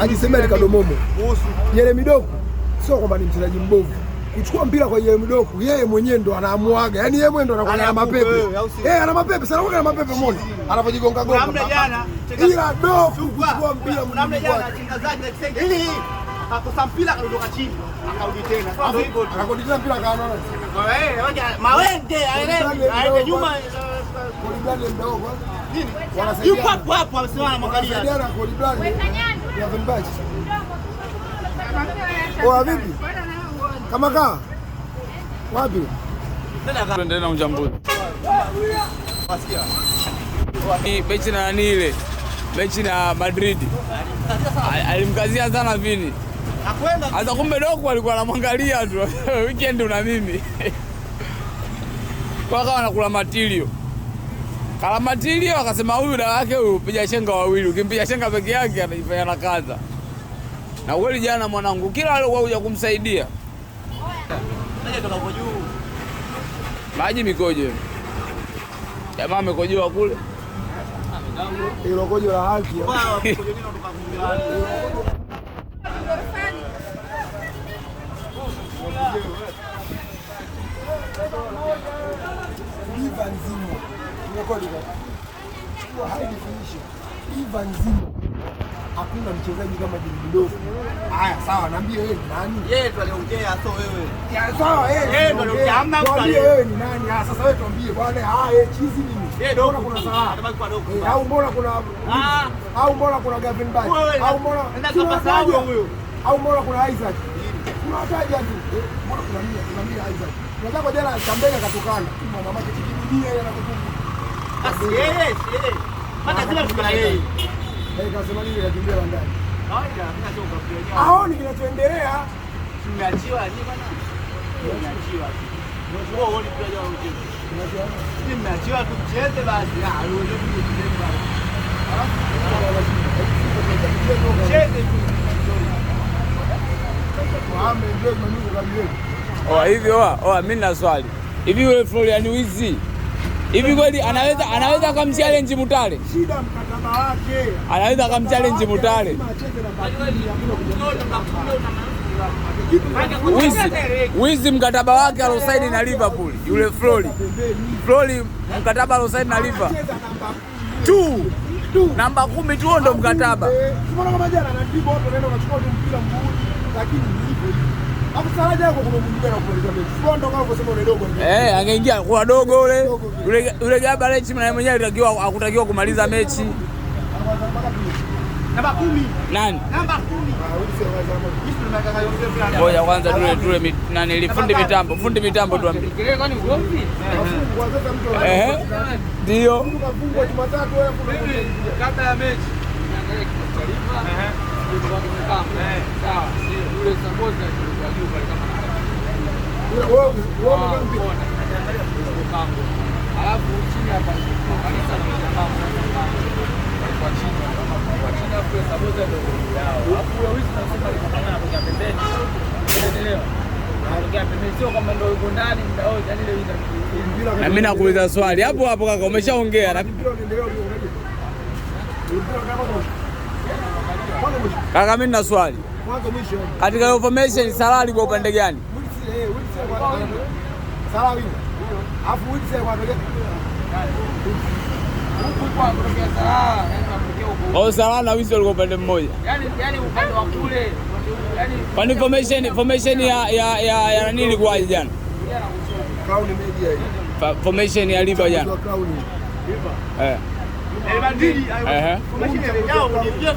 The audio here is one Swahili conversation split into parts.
ajisemea likadomomo. Jeremy Doku sio kwamba ni mchezaji mbovu, kuchukua mpira kwa Jeremy Doku yeye mwenyewe ndo anaamuaga, Yani yeye mwenyewe ndo anakuwa na mapepe eh, ana mapepe sana, ana mapepe mona anapojigonga gonga, ila Doku kuchukua mpira akakosa mpira akadondoka chini akarudi tena akarudi tena mpira akaona mawenge aende aende nyuma kolibani mdogo nini yuko hapo hapo amesimama mwangalia kolibani Vipi? Kama kaa? Wapi? Tuendelee na Ni mechi na nani ile? Mechi na Madrid. Alimkazia sana Vini. Hata kumbe Doku alikuwa anamwangalia tu. Weekend una mimi. Kwa kawa anakula matilio kalamatilio akasema huyu dawa yake huyu piga shenga wawili, ukimpiga shenga peke yake anajifanya na kaza. Na kweli jana mwanangu kila alikuwa kuja kumsaidia. Maji mikojo. Jamaa amekojoa kule. Hilo kojo la haki. Ivan rekodi kwa high definition iva nzima. Hakuna mchezaji kama Jimdofu. Haya, sawa, naambie wewe ni nani? Yeye ndo aliongea, sio wewe. Ya sawa, yeye ndo aliongea, hamna mtu aliye. Wewe ni nani? Ah, sasa wewe tuambie bwana, ah, yeye chizi nini? Yeye ndo kuna saa. Au mbona kuna ah, au mbona kuna Gavin Bach? Au mbona nenda kwa saa huyo. Au mbona kuna Isaac? Kuna wataja tu. Mbona kuna mimi, kuna mimi Isaac. Unataka jana Kambele akatukana. Mama yake kijijini yeye aoni kinachoendelea hivyo. Oh, oh, mimi nina swali hivi, yule Florian wizi Hivi kweli anaweza anaweza akamchallenge Mutale? Shida mkataba wake. Anaweza akamchallenge Mutale. Wizi, wizi mkataba wake alosaini na Liverpool yule Flori. Flori mkataba alosaini na Liverpool. Tu namba kumi tu ndo mkataba. Unaona kama jana na anatibu hapo, nenda unachukua mpira mguu lakini Eh, angeingia kwa dogo ule ule gaba lechi na mwenyewe alitakiwa akutakiwa kumaliza mechi. Namba 10. Nani? Namba 10. Ah, Ngoja kwanza tule tule nani lifundi mitambo, fundi mitambo tuambie. Kwani Eh. Ndio. Kabla ya mechi. Eh. eh. eh yule Samboza juu pale kama ah, alafu chini hapa kanisa kwa chini kwa chini, Samboza ndio pembeni, oh, yaani na mimi nakuuliza swali hapo hapo kaka, umeshaongea kaka, mimi na swali katika information Salari kwa upande gani? Au na wizi walikuwa upande mmoja. Kwa information information ya ya ya ya nani ilikuwaje jana? Formation ya Liba jana. Eh. eh. Eh.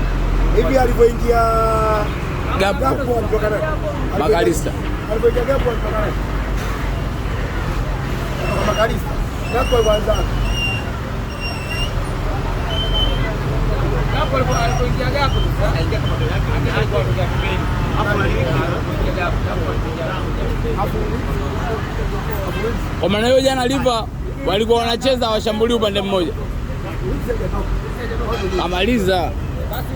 hivi alivyoingia Gapo kutoka Magalista. alivyoingia Gapo kutoka nani? Makalista Gapo alianza Gapo, alipoingia Gapo kwa maana hiyo jana Liva walikuwa wanacheza washambulia upande mmoja, amaliza wakati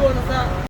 huo sasa